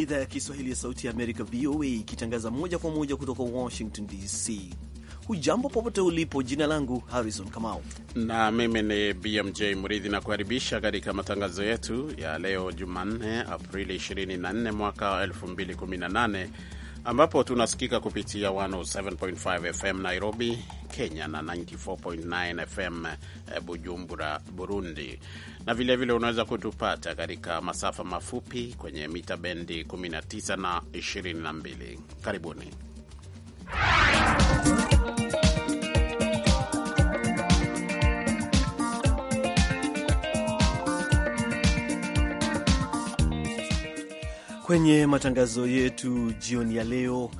ni idhaa ya Kiswahili ya Sauti ya Amerika, VOA, ikitangaza moja kwa moja kutoka Washington DC. Hujambo popote ulipo. Jina langu Harrison Kamau na mimi ni BMJ Mridhi, na kukaribisha katika matangazo yetu ya leo Jumanne, Aprili 24 mwaka 2018 ambapo tunasikika kupitia 107.5 FM Nairobi, Kenya na 94.9 FM eh, Bujumbura, Burundi na vilevile unaweza kutupata katika masafa mafupi kwenye mita bendi 19 na 22. Karibuni. Kwenye matangazo yetu jioni ya leo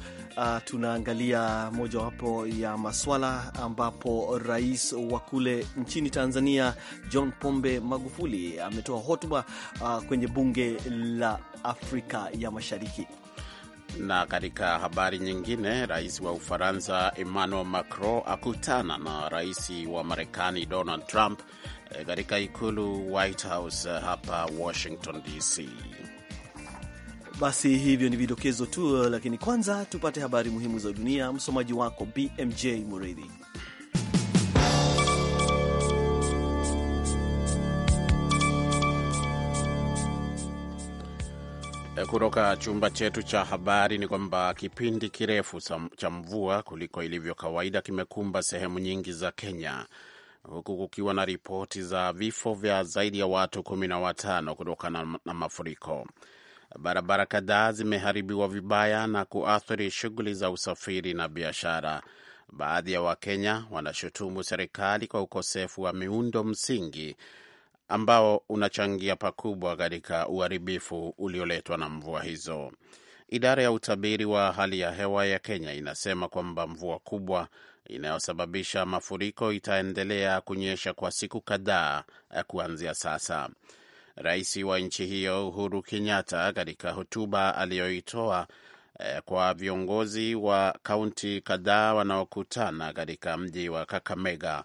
uh, tunaangalia mojawapo ya maswala ambapo rais wa kule nchini Tanzania John Pombe Magufuli ametoa hotuba uh, kwenye bunge la Afrika ya Mashariki. Na katika habari nyingine, rais wa Ufaransa Emmanuel Macron akutana na rais wa Marekani Donald Trump eh, katika ikulu White House eh, hapa Washington DC. Basi hivyo ni vidokezo tu, eh, lakini kwanza tupate habari muhimu za dunia. Msomaji wako BMJ Muridhi. Eh, kutoka chumba chetu cha habari ni kwamba kipindi kirefu cha mvua kuliko ilivyo kawaida kimekumba sehemu nyingi za Kenya, huku kukiwa na ripoti za vifo vya zaidi ya watu kumi na watano kutokana na mafuriko. Barabara kadhaa zimeharibiwa vibaya na kuathiri shughuli za usafiri na biashara. Baadhi ya Wakenya wanashutumu serikali kwa ukosefu wa miundo msingi ambao unachangia pakubwa katika uharibifu ulioletwa na mvua hizo. Idara ya utabiri wa hali ya hewa ya Kenya inasema kwamba mvua kubwa inayosababisha mafuriko itaendelea kunyesha kwa siku kadhaa eh, kuanzia sasa rais wa nchi hiyo Uhuru Kenyatta katika hotuba aliyoitoa eh, kwa viongozi wa kaunti kadhaa wanaokutana katika mji wa Kakamega.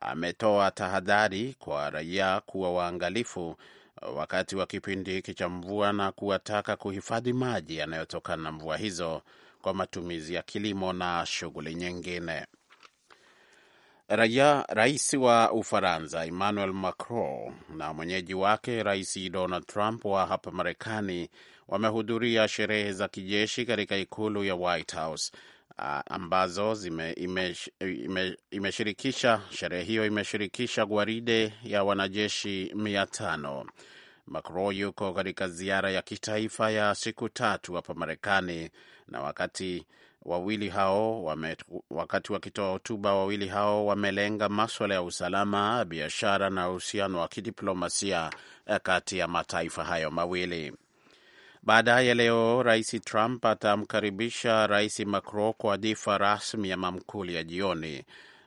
Ametoa tahadhari kwa raia kuwa waangalifu eh, wakati wa kipindi hiki cha mvua na kuwataka kuhifadhi maji yanayotokana na mvua hizo kwa matumizi ya kilimo na shughuli nyingine. Raia, rais wa Ufaransa Emmanuel Macron na mwenyeji wake Rais Donald Trump wa hapa Marekani wamehudhuria sherehe za kijeshi katika ikulu ya White House ambazo imeshirikisha ime, ime, sherehe hiyo imeshirikisha gwaride ya wanajeshi mia tano. Macron yuko katika ziara ya kitaifa ya siku tatu hapa Marekani na wakati wawili hao wame, wakati wakitoa hotuba wawili hao wamelenga maswala ya usalama, biashara na uhusiano wa kidiplomasia eh, kati ya mataifa hayo mawili. Baadaye leo Rais Trump atamkaribisha Rais Macron kwa dhifa rasmi ya mamkuli ya jioni.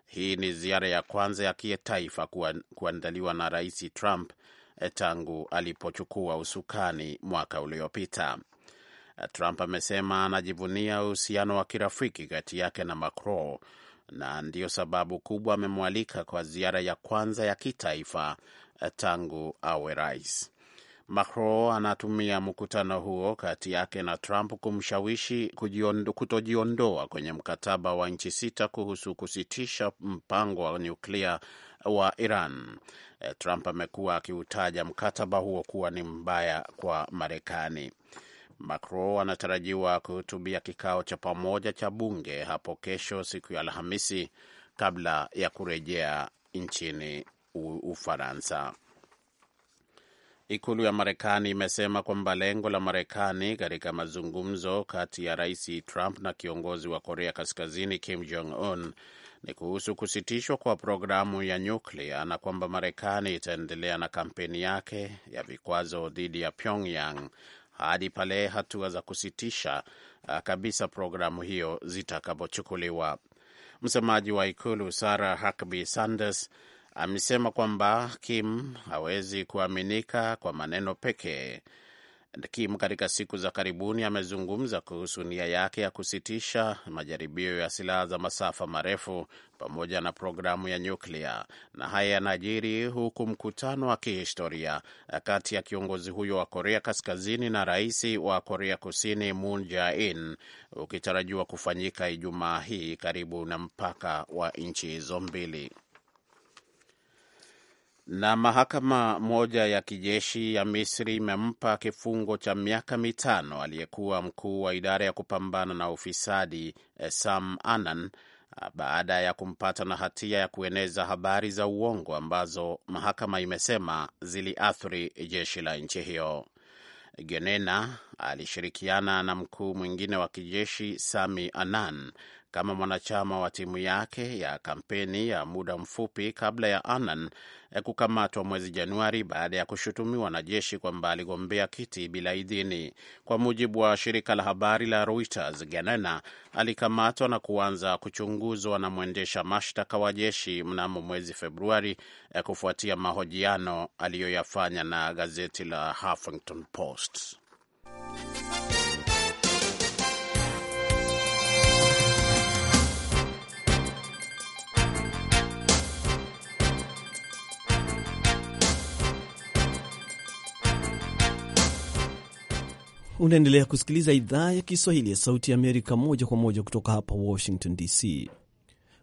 Hii ni ziara ya kwanza ya kitaifa kuandaliwa na Rais Trump eh, tangu alipochukua usukani mwaka uliopita. Trump amesema anajivunia uhusiano wa kirafiki kati yake na Macron na ndiyo sababu kubwa amemwalika kwa ziara ya kwanza ya kitaifa tangu awe rais. Macron anatumia mkutano huo kati yake na Trump kumshawishi kutojiondoa kwenye mkataba wa nchi sita kuhusu kusitisha mpango wa nyuklia wa Iran. Trump amekuwa akiutaja mkataba huo kuwa ni mbaya kwa Marekani. Macron anatarajiwa kuhutubia kikao cha pamoja cha bunge hapo kesho, siku ya Alhamisi, kabla ya kurejea nchini Ufaransa. Ikulu ya Marekani imesema kwamba lengo la Marekani katika mazungumzo kati ya Rais Trump na kiongozi wa Korea Kaskazini Kim Jong Un ni kuhusu kusitishwa kwa programu ya nyuklia na kwamba Marekani itaendelea na kampeni yake ya vikwazo dhidi ya Pyongyang hadi pale hatua za kusitisha uh, kabisa programu hiyo zitakapochukuliwa. Msemaji wa ikulu Sarah Huckabee Sanders amesema kwamba Kim hawezi kuaminika kwa maneno pekee Kim katika siku za karibuni amezungumza kuhusu nia yake ya kusitisha majaribio ya silaha za masafa marefu pamoja na programu ya nyuklia. Na haya yanajiri huku mkutano wa kihistoria kati ya kiongozi huyo wa Korea Kaskazini na rais wa Korea Kusini Moon Jae-in ukitarajiwa kufanyika Ijumaa hii karibu na mpaka wa nchi hizo mbili. Na mahakama moja ya kijeshi ya Misri imempa kifungo cha miaka mitano aliyekuwa mkuu wa idara ya kupambana na ufisadi eh, Sam Anan ah, baada ya kumpata na hatia ya kueneza habari za uongo ambazo mahakama imesema ziliathiri jeshi la nchi hiyo. Genena alishirikiana na mkuu mwingine wa kijeshi Sami Anan kama mwanachama wa timu yake ya kampeni ya muda mfupi kabla ya Anan eh, kukamatwa mwezi Januari baada ya kushutumiwa na jeshi kwamba aligombea kiti bila idhini. Kwa mujibu wa shirika la habari la Reuters, Ganena alikamatwa na kuanza kuchunguzwa na mwendesha mashtaka wa jeshi mnamo mwezi Februari eh, kufuatia mahojiano aliyoyafanya na gazeti la Huffington Post. Unaendelea kusikiliza idhaa ya Kiswahili ya Sauti ya Amerika moja kwa moja kutoka hapa Washington DC.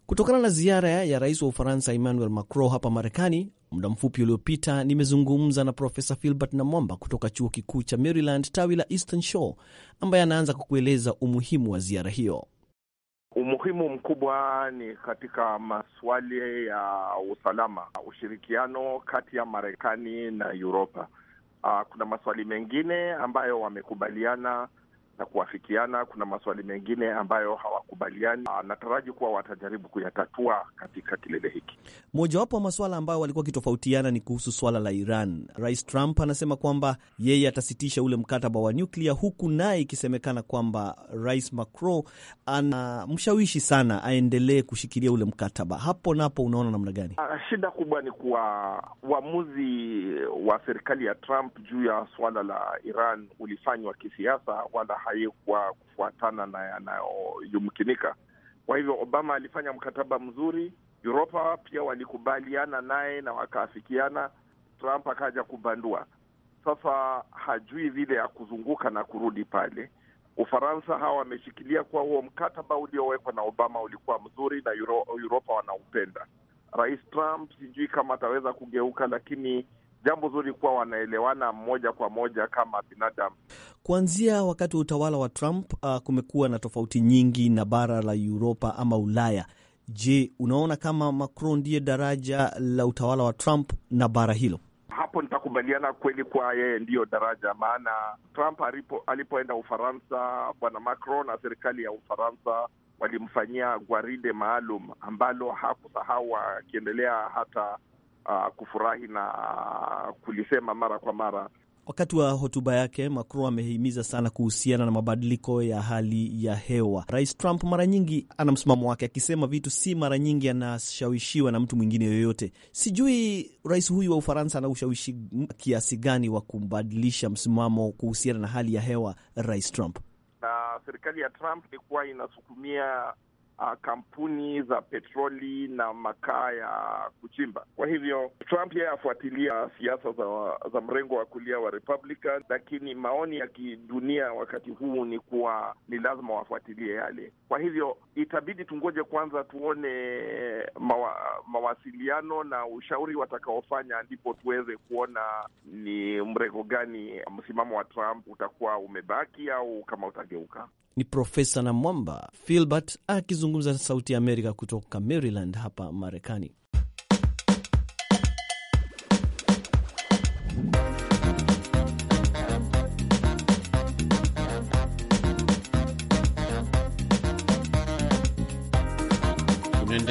Kutokana na ziara ya rais wa Ufaransa Emmanuel Macron hapa Marekani, Muda mfupi uliopita nimezungumza na Profesa Filbert Namwamba kutoka chuo kikuu cha Maryland tawi la Eastern Shore, ambaye anaanza kwa kueleza umuhimu wa ziara hiyo. Umuhimu mkubwa ni katika maswali ya usalama, ushirikiano kati ya Marekani na Uropa. Ah, kuna maswali mengine ambayo wamekubaliana na kuafikiana. Kuna maswali mengine ambayo hawakubaliani, nataraji kuwa watajaribu kuyatatua katika kilele hiki. Mojawapo wa masuala ambayo walikuwa wakitofautiana ni kuhusu swala la Iran. Rais Trump anasema kwamba yeye atasitisha ule mkataba wa nyuklia, huku naye ikisemekana kwamba Rais Macron anamshawishi sana aendelee kushikilia ule mkataba. Hapo napo unaona namna gani? Ah, shida kubwa ni kuwa uamuzi wa serikali ya Trump juu ya swala la Iran ulifanywa kisiasa, wala haikuwa kufuatana na yanayoyumkinika. Kwa hivyo Obama alifanya mkataba mzuri, Uropa pia walikubaliana naye na wakaafikiana. Trump akaja kubandua. Sasa hajui vile ya kuzunguka na kurudi pale. Ufaransa hawa wameshikilia kuwa huo mkataba uliowekwa na Obama ulikuwa mzuri na Euro, Uropa wanaupenda. Rais Trump sijui kama ataweza kugeuka, lakini jambo zuri kuwa wanaelewana moja kwa moja kama binadamu. Kuanzia wakati wa utawala wa Trump uh, kumekuwa na tofauti nyingi na bara la Uropa ama Ulaya. Je, unaona kama Macron ndiye daraja la utawala wa Trump na bara hilo? Hapo nitakubaliana kweli kuwa yeye ndiyo daraja, maana Trump alipo, alipoenda Ufaransa, bwana Macron na serikali ya Ufaransa walimfanyia gwaride maalum ambalo hakusahau akiendelea hata uh, kufurahi na uh, kulisema mara kwa mara. Wakati wa hotuba yake Macron amehimiza sana kuhusiana na mabadiliko ya hali ya hewa. Rais Trump mara nyingi ana msimamo wake, akisema vitu si mara nyingi anashawishiwa na mtu mwingine yoyote. Sijui rais huyu wa Ufaransa ana ushawishi kiasi gani wa kubadilisha msimamo kuhusiana na hali ya hewa, Rais Trump? Na serikali ya Trump ilikuwa inasukumia uh, kampuni za petroli na makaa ya kuchimba. Kwa hivyo Trump yeye afuatilia siasa za, za mrengo wa kulia wa Republican, lakini maoni ya kidunia wakati huu ni kuwa ni lazima wafuatilie yale kwa hivyo itabidi tungoje kwanza tuone mawa, mawasiliano na ushauri watakaofanya, ndipo tuweze kuona ni mrengo gani msimamo wa Trump utakuwa umebaki au kama utageuka. Ni Profesa Namwamba Filbert akizungumza na Sauti ya Amerika kutoka Maryland hapa Marekani.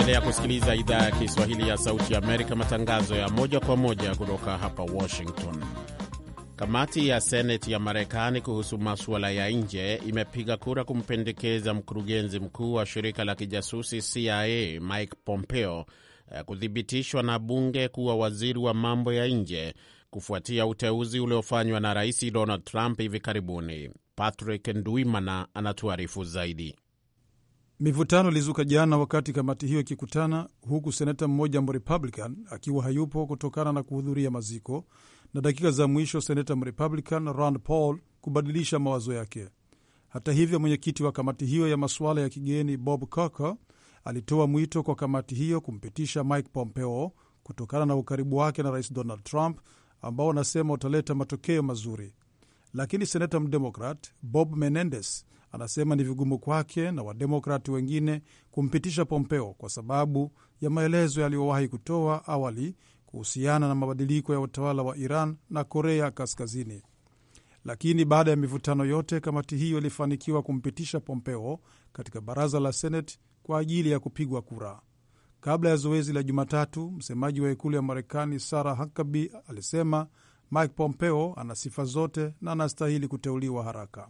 Unaendelea kusikiliza idhaa ya Kiswahili ya Sauti ya Amerika, matangazo ya moja kwa moja kutoka hapa Washington. Kamati ya Seneti ya Marekani kuhusu masuala ya nje imepiga kura kumpendekeza mkurugenzi mkuu wa shirika la kijasusi CIA Mike Pompeo eh, kuthibitishwa na bunge kuwa waziri wa mambo ya nje kufuatia uteuzi uliofanywa na Rais Donald Trump hivi karibuni. Patrick Ndwimana anatuarifu zaidi. Mivutano ilizuka jana wakati kamati hiyo ikikutana, huku seneta mmoja Mrepublican akiwa hayupo kutokana na kuhudhuria maziko na dakika za mwisho seneta Mrepublican Rand Paul kubadilisha mawazo yake. Hata hivyo, mwenyekiti wa kamati hiyo ya masuala ya kigeni Bob Corker alitoa mwito kwa kamati hiyo kumpitisha Mike Pompeo kutokana na ukaribu wake na rais Donald Trump ambao anasema utaleta matokeo mazuri, lakini seneta mdemokrat Bob Menendez anasema ni vigumu kwake na wademokrati wengine kumpitisha Pompeo kwa sababu ya maelezo yaliyowahi kutoa awali kuhusiana na mabadiliko ya utawala wa Iran na Korea Kaskazini. Lakini baada ya mivutano yote, kamati hiyo ilifanikiwa kumpitisha Pompeo katika baraza la senate kwa ajili ya kupigwa kura. Kabla ya zoezi la Jumatatu, msemaji wa ikulu ya Marekani Sarah Huckabee alisema Mike Pompeo ana sifa zote na anastahili kuteuliwa haraka.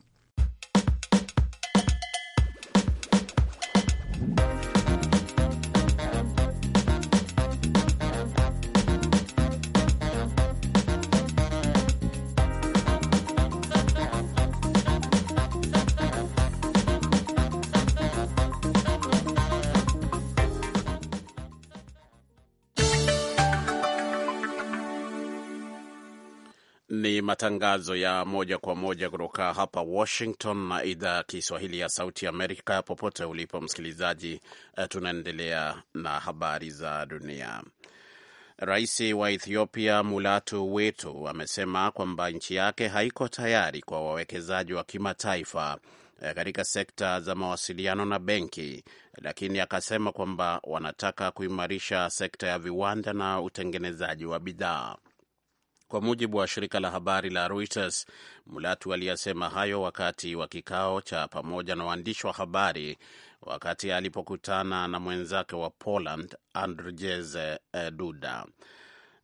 Ni matangazo ya moja kwa moja kutoka hapa Washington na idhaa ya Kiswahili ya Sauti Amerika. Popote ulipo msikilizaji, eh, tunaendelea na habari za dunia. Rais wa Ethiopia Mulatu Wetu amesema kwamba nchi yake haiko tayari kwa wawekezaji wa kimataifa eh, katika sekta za mawasiliano na benki, lakini akasema kwamba wanataka kuimarisha sekta ya viwanda na utengenezaji wa bidhaa. Kwa mujibu wa shirika la habari la Reuters, Mulatu aliyasema hayo wakati wa kikao cha pamoja na waandishi wa habari wakati alipokutana na mwenzake wa Poland Andrzej Duda.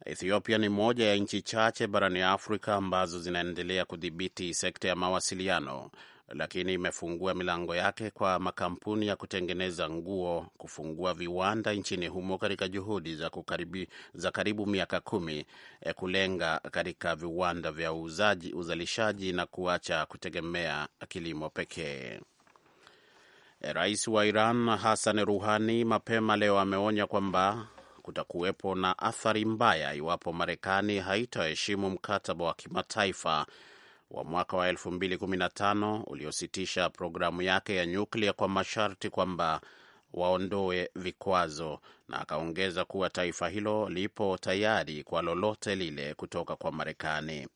Ethiopia ni moja ya nchi chache barani Afrika ambazo zinaendelea kudhibiti sekta ya mawasiliano lakini imefungua milango yake kwa makampuni ya kutengeneza nguo kufungua viwanda nchini humo katika juhudi za, kukaribi, za karibu miaka kumi eh, kulenga katika viwanda vya uzaji, uzalishaji na kuacha kutegemea kilimo pekee. E, rais wa Iran Hassan Ruhani mapema leo ameonya kwamba kutakuwepo na athari mbaya iwapo Marekani haitaheshimu mkataba wa kimataifa wa mwaka wa 2015 uliositisha programu yake ya nyuklia kwa masharti kwamba waondoe vikwazo, na akaongeza kuwa taifa hilo lipo tayari kwa lolote lile kutoka kwa Marekani.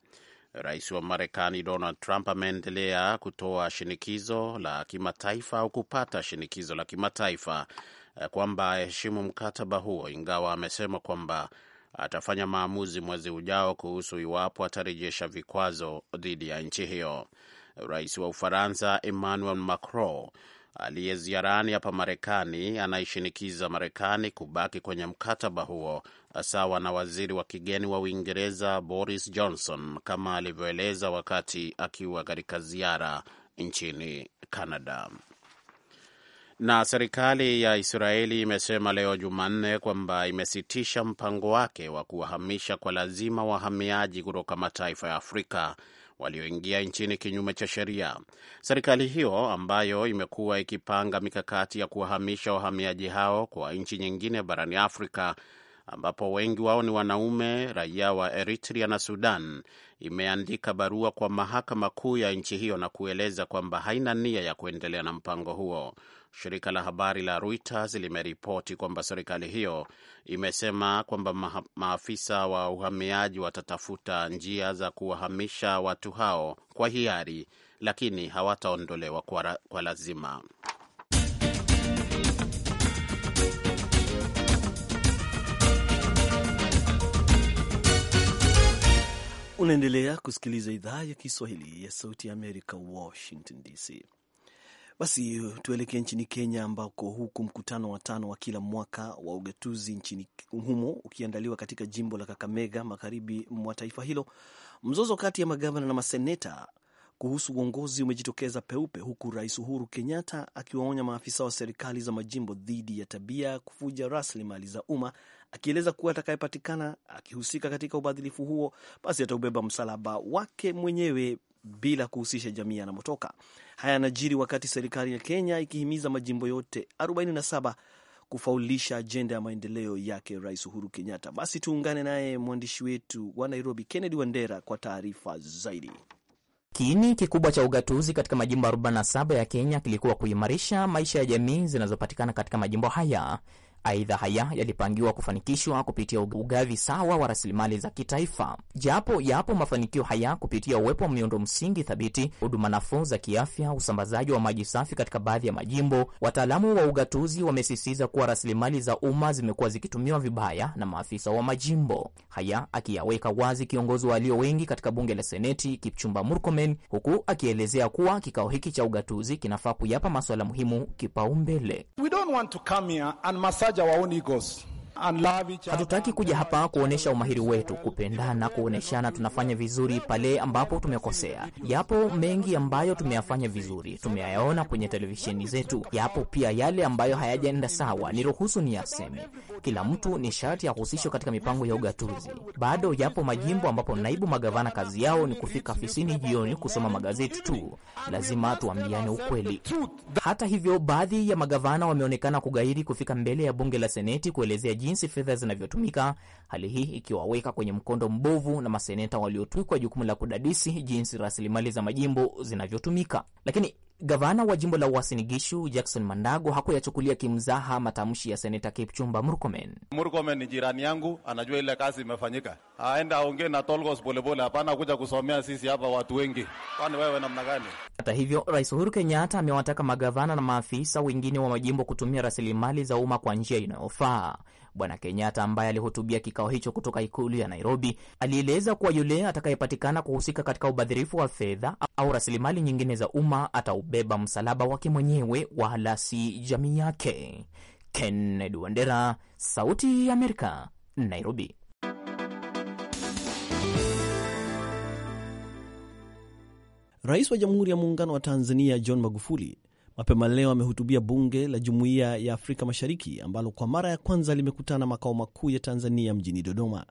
Rais wa Marekani Donald Trump ameendelea kutoa shinikizo la kimataifa au kupata shinikizo la kimataifa eh, kwamba aheshimu mkataba huo, ingawa amesema kwamba atafanya maamuzi mwezi ujao kuhusu iwapo atarejesha vikwazo dhidi ya nchi hiyo. Rais wa Ufaransa Emmanuel Macron aliye ziarani hapa Marekani anaishinikiza Marekani kubaki kwenye mkataba huo, sawa na waziri wa kigeni wa Uingereza Boris Johnson kama alivyoeleza wakati akiwa katika ziara nchini Canada. Na serikali ya Israeli imesema leo Jumanne kwamba imesitisha mpango wake wa kuwahamisha kwa lazima wahamiaji kutoka mataifa ya Afrika walioingia nchini kinyume cha sheria. Serikali hiyo ambayo imekuwa ikipanga mikakati ya kuwahamisha wahamiaji hao kwa nchi nyingine barani Afrika ambapo wengi wao ni wanaume raia wa Eritrea na Sudan, imeandika barua kwa mahakama kuu ya nchi hiyo na kueleza kwamba haina nia ya kuendelea na mpango huo. Shirika la habari la Reuters limeripoti kwamba serikali hiyo imesema kwamba maafisa wa uhamiaji watatafuta njia za kuwahamisha watu hao kwa hiari, lakini hawataondolewa kwa, kwa lazima. Unaendelea kusikiliza idhaa ya Kiswahili ya Sauti ya Amerika, Washington DC. Basi uh, tuelekee nchini Kenya ambako huku mkutano wa tano wa kila mwaka wa ugatuzi nchini humo ukiandaliwa katika jimbo la Kakamega magharibi mwa taifa hilo, mzozo kati ya magavana na maseneta kuhusu uongozi umejitokeza peupe, huku Rais Uhuru Kenyatta akiwaonya maafisa wa serikali za majimbo dhidi ya tabia ya kufuja rasilimali za umma, akieleza kuwa atakayepatikana akihusika katika ubadhilifu huo basi ataubeba msalaba wake mwenyewe bila kuhusisha jamii yanamotoka. Haya yanajiri wakati serikali ya Kenya ikihimiza majimbo yote 47 kufaulisha ajenda ya maendeleo yake Rais Uhuru Kenyatta. Basi tuungane naye mwandishi wetu wa Nairobi, Kennedy Wandera, kwa taarifa zaidi. Kiini kikubwa cha ugatuzi katika majimbo 47 ya Kenya kilikuwa kuimarisha maisha ya jamii zinazopatikana katika majimbo haya Aidha, haya yalipangiwa kufanikishwa kupitia ugavi sawa wa rasilimali za kitaifa, japo yapo mafanikio haya kupitia uwepo wa miundo msingi thabiti, huduma nafuu za kiafya, usambazaji wa maji safi katika baadhi ya majimbo. Wataalamu wa ugatuzi wamesisitiza kuwa rasilimali za umma zimekuwa zikitumiwa vibaya na maafisa wa majimbo. Haya akiyaweka wazi kiongozi wa walio wengi katika bunge la Seneti Kipchumba Murkomen, huku akielezea kuwa kikao hiki cha ugatuzi kinafaa kuyapa masuala muhimu kipaumbele. ya va únicos Hatutaki kuja hapa kuonyesha umahiri wetu, kupendana, kuonyeshana tunafanya vizuri pale ambapo tumekosea. Yapo mengi ambayo tumeyafanya vizuri, tumeyaona kwenye televisheni zetu. Yapo pia yale ambayo hayajaenda sawa. Niruhusu niyaseme, kila mtu ni sharti ahusishwe katika mipango ya ugatuzi. Bado yapo majimbo ambapo naibu magavana kazi yao ni kufika afisini jioni kusoma magazeti tu. Lazima tuambiane ukweli. Hata hivyo, baadhi ya magavana wameonekana kugairi kufika mbele ya bunge la seneti kuelezea jinsi fedha zinavyotumika, hali hii ikiwaweka kwenye mkondo mbovu na maseneta waliotwikwa jukumu la kudadisi jinsi rasilimali za majimbo zinavyotumika. Lakini gavana wa jimbo la Uasin Gishu Jackson Mandago hakuyachukulia kimzaha matamshi ya seneta Kipchumba Murkomen. Murkomen ni jirani yangu, anajua ile kazi imefanyika, aenda aongee na Tolgos polepole, hapana kuja kusomea sisi hapa watu wengi, kwani wewe namna gani? Hata hivyo, Rais Uhuru Kenyatta amewataka magavana na maafisa wengine wa majimbo kutumia rasilimali za umma kwa njia inayofaa. Bwana Kenyatta ambaye alihutubia kikao hicho kutoka ikulu ya Nairobi alieleza kuwa yule atakayepatikana kuhusika katika ubadhirifu wa fedha au rasilimali nyingine za umma ataubeba msalaba wake mwenyewe, wala si jamii yake. Kennedy Wandera, Sauti ya Amerika, Nairobi. Rais wa Jamhuri ya Muungano wa Tanzania John Magufuli Mapema leo amehutubia bunge la Jumuiya ya Afrika Mashariki ambalo kwa mara ya kwanza limekutana makao makuu ya Tanzania mjini Dodoma.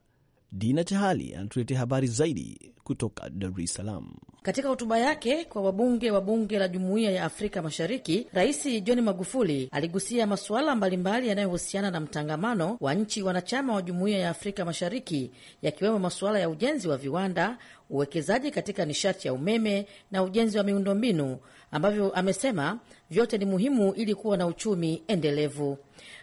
Dina Chahali anatuletea habari zaidi kutoka Dar es Salaam. Katika hotuba yake kwa wabunge wa bunge la jumuiya ya Afrika Mashariki, Rais John Magufuli aligusia masuala mbalimbali yanayohusiana na mtangamano wa nchi wanachama wa jumuiya ya Afrika Mashariki, yakiwemo masuala ya ujenzi wa viwanda, uwekezaji katika nishati ya umeme na ujenzi wa miundombinu ambavyo amesema vyote ni muhimu ili kuwa na uchumi endelevu.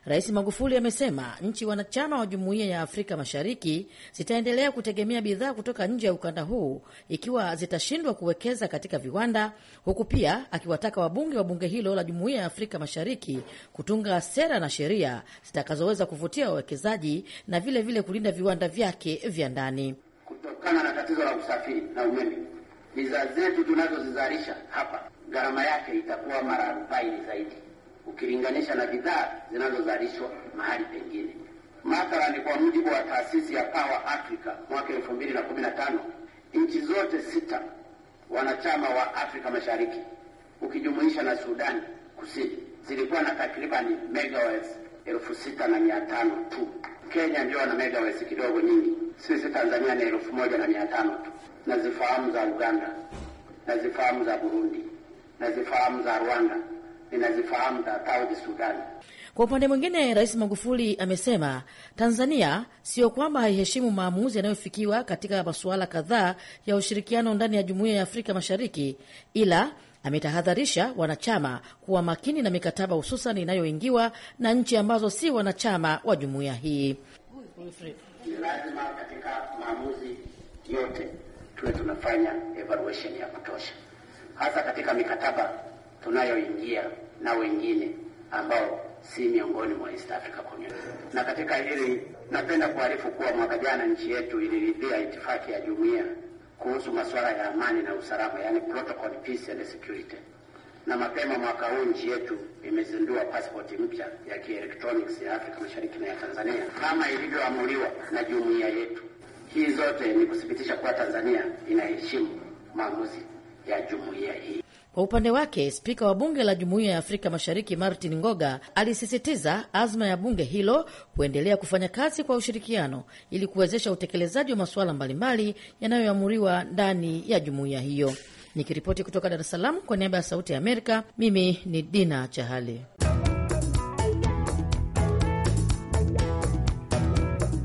Rais Magufuli amesema nchi wanachama wa Jumuiya ya Afrika Mashariki zitaendelea kutegemea bidhaa kutoka nje ya ukanda huu ikiwa zitashindwa kuwekeza katika viwanda, huku pia akiwataka wabunge wa bunge hilo la Jumuiya ya Afrika Mashariki kutunga sera na sheria zitakazoweza kuvutia wawekezaji na vilevile vile kulinda viwanda vyake vya ndani kutokana na tatizo la usafiri na umeme. Bidhaa zetu tunazozizalisha hapa gharama yake itakuwa mara arobaini zaidi ukilinganisha na bidhaa zinazozalishwa mahali pengine. Mathalani, kwa mujibu wa taasisi ya Power Africa mwaka 2015 nchi zote sita wanachama wa Afrika Mashariki ukijumuisha na Sudani Kusini zilikuwa na takribani megawatts elfu sita na mia tano tu. Kenya ndio na megawatts kidogo nyingi, sisi Tanzania ni elfu moja na mia tano tu. Nazifahamu za Uganda, nazifahamu za Burundi, nazifahamu za Rwanda, ninazifahamu za Saudi Sudani. Kwa upande mwingine, Rais Magufuli amesema Tanzania sio kwamba haiheshimu maamuzi yanayofikiwa katika masuala kadhaa ya ushirikiano ndani ya Jumuiya ya Afrika Mashariki, ila ametahadharisha wanachama kuwa makini na mikataba hususan inayoingiwa na nchi ambazo si wanachama wa jumuiya hii. Ni lazima katika maamuzi yote tuwe tunafanya evaluation ya kutosha hasa katika mikataba tunayoingia na wengine ambao si miongoni mwa East Africa Community. Na katika hili napenda kuarifu kuwa mwaka jana nchi yetu iliridhia itifaki ya jumuiya kuhusu masuala ya amani na usalama, yani protocol peace and security, na mapema mwaka huu nchi yetu imezindua passport mpya ya kielektroniki ya Afrika Mashariki na ya Tanzania kama ilivyoamuliwa na jumuiya yetu. Hii zote ni kuthibitisha kuwa Tanzania inaheshimu maamuzi ya jumuiya hii. Kwa upande wake spika wa bunge la jumuiya ya Afrika Mashariki Martin Ngoga alisisitiza azma ya bunge hilo kuendelea kufanya kazi kwa ushirikiano ili kuwezesha utekelezaji wa masuala mbalimbali yanayoamuriwa ndani ya jumuiya hiyo. Nikiripoti kutoka Dar es Salaam kwa niaba ya Sauti ya Amerika, mimi ni Dina Chahali.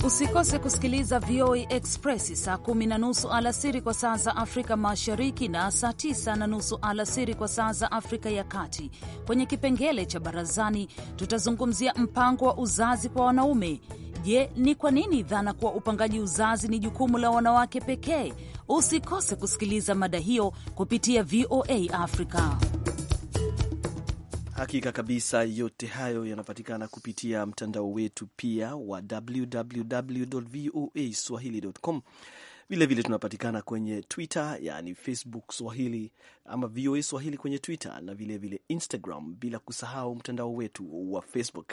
Usikose kusikiliza VOA Express saa kumi na nusu alasiri kwa saa za Afrika Mashariki na saa tisa na nusu alasiri kwa saa za Afrika ya Kati. Kwenye kipengele cha Barazani tutazungumzia mpango wa uzazi kwa wanaume. Je, ni kwa nini dhana kuwa upangaji uzazi ni jukumu la wanawake pekee? Usikose kusikiliza mada hiyo kupitia VOA africa Hakika kabisa, yote hayo yanapatikana kupitia mtandao wetu pia wa www voa swahilicom Vilevile tunapatikana kwenye Twitter, yani Facebook Swahili ama VOA Swahili kwenye Twitter na vilevile vile Instagram, bila kusahau mtandao wetu wa Facebook.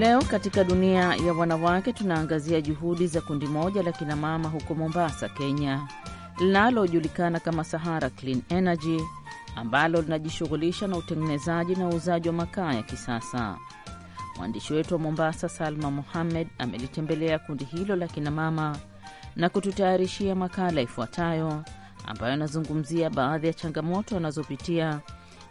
Leo katika dunia ya wanawake tunaangazia juhudi za kundi moja la kinamama huko Mombasa, Kenya, linalojulikana kama Sahara Clean Energy ambalo linajishughulisha na utengenezaji na uuzaji wa makaa ya kisasa. Mwandishi wetu wa Mombasa, Salma Mohammed, amelitembelea kundi hilo la kinamama na kututayarishia makala ifuatayo ambayo anazungumzia baadhi ya changamoto wanazopitia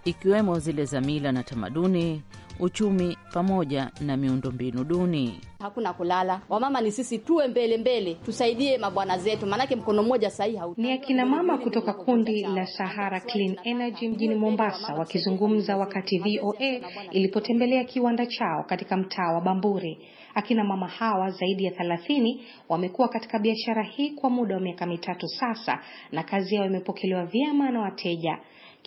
ikiwemo zile za mila na tamaduni uchumi pamoja na miundombinu duni. Hakuna kulala, wamama ni sisi, tuwe mbele mbele, tusaidie mabwana zetu, maanake mkono mmoja sahii hau. Ni akina mama kutoka kundi la Sahara Clean Energy mjini Mombasa wakizungumza wakati VOA ilipotembelea kiwanda chao katika mtaa wa Bamburi. Akina mama hawa zaidi ya thelathini wamekuwa katika biashara hii kwa muda wa miaka mitatu sasa, na kazi yao imepokelewa vyema na wateja.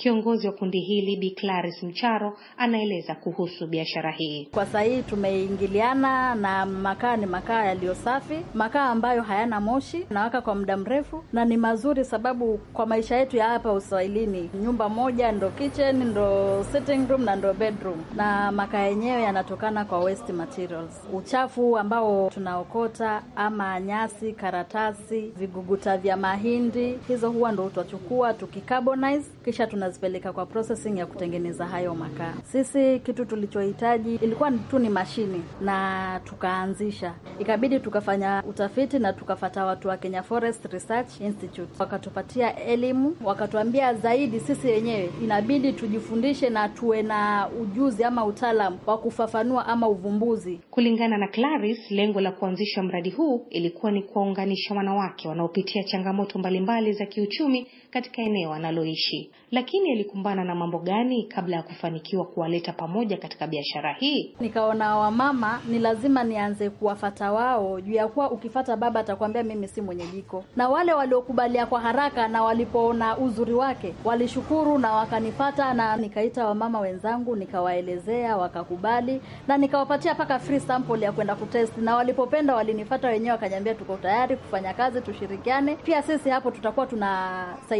Kiongozi wa kundi hili Bi Clarice Mcharo anaeleza kuhusu biashara hii. Kwa sasa hii tumeingiliana na makaa, ni makaa yaliyo safi, makaa ambayo hayana moshi, nawaka kwa muda mrefu na ni mazuri, sababu kwa maisha yetu ya hapa Uswahilini nyumba moja ndo kitchen ndo sitting room na ndo bedroom, na makaa yenyewe yanatokana kwa waste materials, uchafu ambao tunaokota ama nyasi, karatasi, viguguta vya mahindi, hizo huwa ndo tutachukua tukicarbonize, kisha tuna tunazipeleka kwa processing ya kutengeneza hayo makaa. Sisi kitu tulichohitaji ilikuwa tu ni mashini, na tukaanzisha, ikabidi tukafanya utafiti na tukafata watu wa Kenya Forest Research Institute, wakatupatia elimu, wakatuambia zaidi sisi wenyewe inabidi tujifundishe na tuwe na ujuzi ama utaalamu wa kufafanua ama uvumbuzi. Kulingana na Clarice, lengo la kuanzisha mradi huu ilikuwa ni kuwaunganisha wanawake wanaopitia changamoto mbalimbali za kiuchumi katika eneo analoishi. Lakini alikumbana na mambo gani kabla ya kufanikiwa kuwaleta pamoja katika biashara hii? Nikaona wamama ni lazima nianze kuwafata wao, juu ya kuwa ukifata baba atakwambia mimi si mwenye jiko, na wale waliokubalia kwa haraka na walipoona uzuri wake walishukuru na wakanifata, na nikaita wamama wenzangu nikawaelezea, wakakubali na nikawapatia mpaka free sample ya kwenda kutest, na walipopenda walinifata wenyewe, wakaniambia tuko tayari kufanya kazi, tushirikiane, pia sisi hapo tutakuwa tuna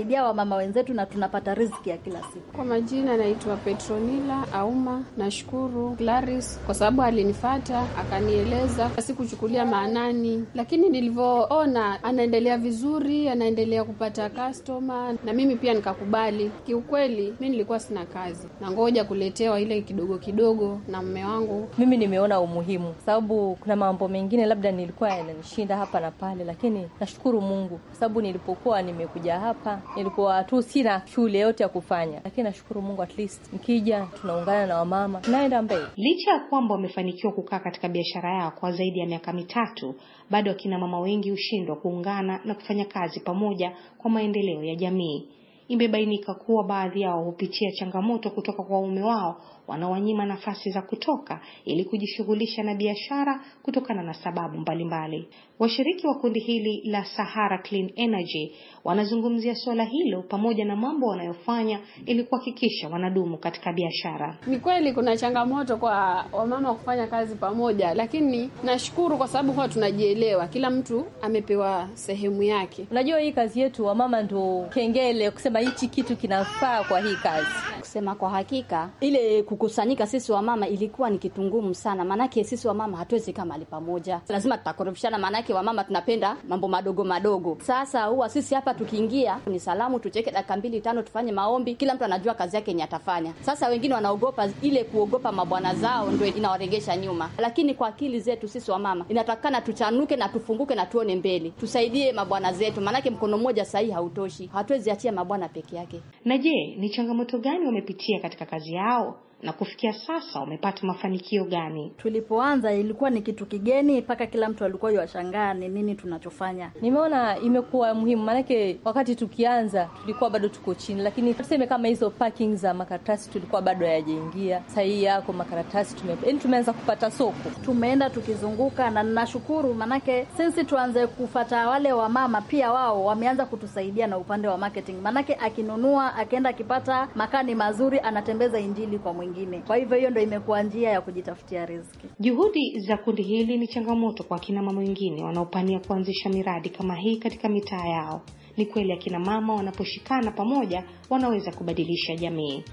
tunasaidia wamama wenzetu na tunapata riziki ya kila siku. Kwa majina naitwa Petronila Auma. Nashukuru glaris kwa sababu alinifata akanieleza, sikuchukulia maanani, lakini nilivyoona anaendelea vizuri, anaendelea kupata customer na mimi pia nikakubali. Kiukweli mi nilikuwa sina kazi na ngoja kuletewa ile kidogo kidogo na mme wangu. Mimi nimeona umuhimu, sababu kuna mambo mengine labda nilikuwa yananishinda hapa na pale, lakini nashukuru Mungu kwa sababu nilipokuwa nimekuja hapa nilikuwa tu sina shughuli yoyote ya kufanya, lakini nashukuru Mungu, at least nikija tunaungana na wamama tunaenda mbele. Licha ya kwamba wamefanikiwa kukaa katika biashara yao kwa zaidi ya miaka mitatu, bado akina mama wengi hushindwa kuungana na kufanya kazi pamoja kwa maendeleo ya jamii. Imebainika kuwa baadhi yao hupitia changamoto kutoka kwa waume wao wanawanyima nafasi za kutoka ili kujishughulisha na biashara kutokana na sababu mbalimbali. Washiriki wa kundi hili la Sahara Clean Energy wanazungumzia suala hilo pamoja na mambo wanayofanya ili kuhakikisha wanadumu katika biashara. Ni kweli kuna changamoto kwa wamama wa kufanya kazi pamoja, lakini nashukuru kwa sababu huwa tunajielewa, kila mtu amepewa sehemu yake. Unajua hii kazi yetu wamama ndo kengele kusema hichi kitu kinafaa kwa hii kazi, kusema kwa hakika ile kuku kukusanyika sisi wamama ilikuwa ni kitu ngumu sana, maanake sisi wamama hatuwezi kama ali pamoja, lazima tutakorofishana, maanake wamama tunapenda mambo madogo madogo. Sasa huwa sisi hapa tukiingia ni salamu, tucheke dakika mbili tano, tufanye maombi, kila mtu anajua kazi yake yenye atafanya. Sasa wengine wanaogopa, ile kuogopa mabwana zao ndo inawaregesha nyuma, lakini kwa akili zetu sisi wamama inatakana tuchanuke na tufunguke na tuone mbele, tusaidie mabwana zetu, maanake mkono mmoja sahii hautoshi, hatuwezi achia mabwana peke yake. Na je, ni changamoto gani wamepitia katika kazi yao? na kufikia sasa wamepata mafanikio gani? Tulipoanza ilikuwa ni kitu kigeni, mpaka kila mtu alikuwa yashangaa ni nini tunachofanya. Nimeona imekuwa muhimu, maanake wakati tukianza tulikuwa bado tuko chini, lakini tuseme kama hizo parking za makaratasi tulikuwa bado hayajaingia. sahii yako makaratasi tume, yaani tumeanza kupata soko, tumeenda tukizunguka, na ninashukuru maanake sisi tuanze kufata wale wamama, pia wao wameanza kutusaidia na upande wa marketing, maanake akinunua, akienda, akipata makani mazuri, anatembeza injili kwa mwingi wengine. Kwa hivyo hiyo ndo imekuwa njia ya kujitafutia riziki. Juhudi za kundi hili ni changamoto kwa akina mama wengine wanaopania kuanzisha miradi kama hii katika mitaa yao. Ni kweli akina mama wanaposhikana pamoja wanaweza kubadilisha jamii.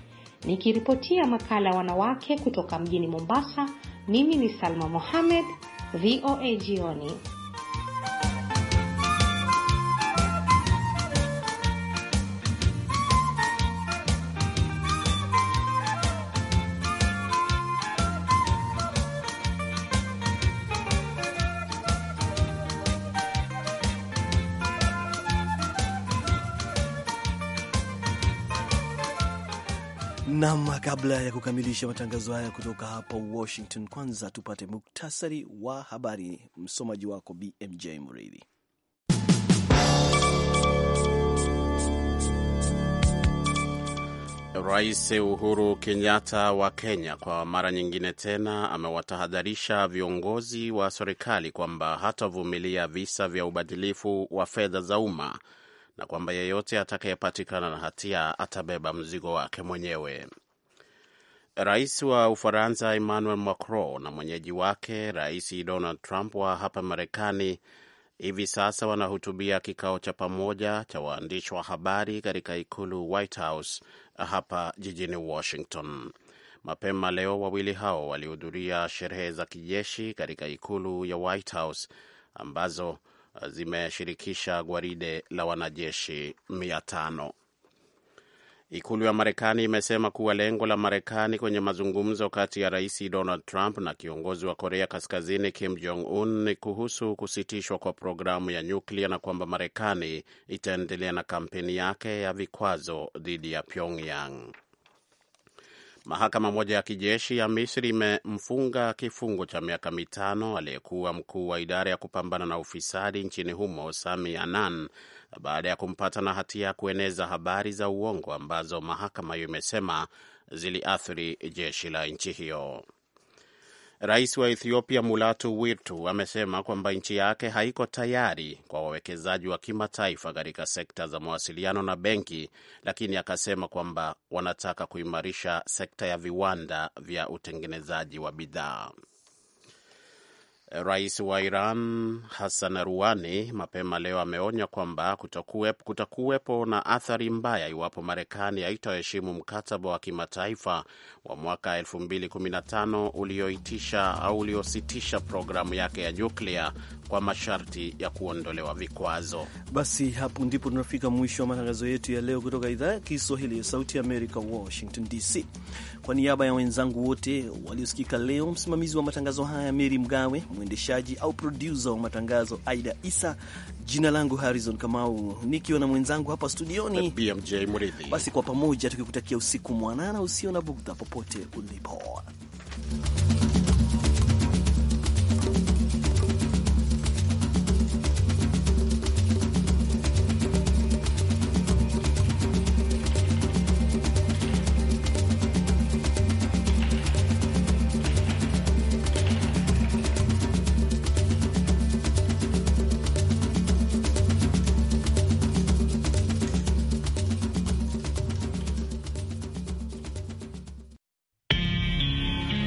Nikiripotia makala ya wanawake kutoka mjini Mombasa, mimi ni Salma Mohamed, VOA Jioni. Nam, kabla ya kukamilisha matangazo haya kutoka hapa Washington, kwanza tupate muktasari wa habari. Msomaji wako BMJ Mridhi. Rais Uhuru Kenyatta wa Kenya kwa mara nyingine tena amewatahadharisha viongozi wa serikali kwamba hatavumilia visa vya ubadilifu wa fedha za umma na kwamba yeyote atakayepatikana na hatia atabeba mzigo wake mwenyewe. Rais wa Ufaransa Emmanuel Macron na mwenyeji wake Rais Donald Trump wa hapa Marekani hivi sasa wanahutubia kikao cha pamoja cha waandishi wa habari katika ikulu White House hapa jijini Washington. Mapema leo wawili hao walihudhuria sherehe za kijeshi katika ikulu ya White House ambazo zimeshirikisha gwaride la wanajeshi mia tano. Ikulu ya Marekani imesema kuwa lengo la Marekani kwenye mazungumzo kati ya Rais Donald Trump na kiongozi wa Korea Kaskazini Kim Jong Un ni kuhusu kusitishwa kwa programu ya nyuklia na kwamba Marekani itaendelea na kampeni yake ya vikwazo dhidi ya Pyongyang. Mahakama moja ya kijeshi ya Misri imemfunga kifungo cha miaka mitano aliyekuwa mkuu wa idara ya kupambana na ufisadi nchini humo Sami Anan baada ya kumpata na hatia ya kueneza habari za uongo ambazo mahakama hiyo imesema ziliathiri jeshi la nchi hiyo. Rais wa Ethiopia Mulatu Witu amesema kwamba nchi yake haiko tayari kwa wawekezaji wa kimataifa katika sekta za mawasiliano na benki, lakini akasema kwamba wanataka kuimarisha sekta ya viwanda vya utengenezaji wa bidhaa. Rais wa Iran Hassan Rouhani mapema leo ameonya kwamba kutakuwepo, kutakuwepo na athari mbaya iwapo Marekani haitaheshimu mkataba wa kimataifa wa mwaka 2015 ulioitisha au uliositisha programu yake ya nyuklia kwa masharti ya kuondolewa vikwazo. Basi hapo ndipo tunafika mwisho wa matangazo yetu ya leo kutoka idhaa ya Kiswahili ya Sauti ya Amerika, Washington DC. Kwa niaba ya wenzangu wote waliosikika leo, msimamizi wa matangazo haya Meri Mgawe, mwendeshaji au produsa wa matangazo Aida Isa, jina langu Harrison Kamau nikiwa na mwenzangu hapa studioni BMJ Mridhi, Basi kwa pamoja tukikutakia usiku mwanana usio na bugdha popote ulipo.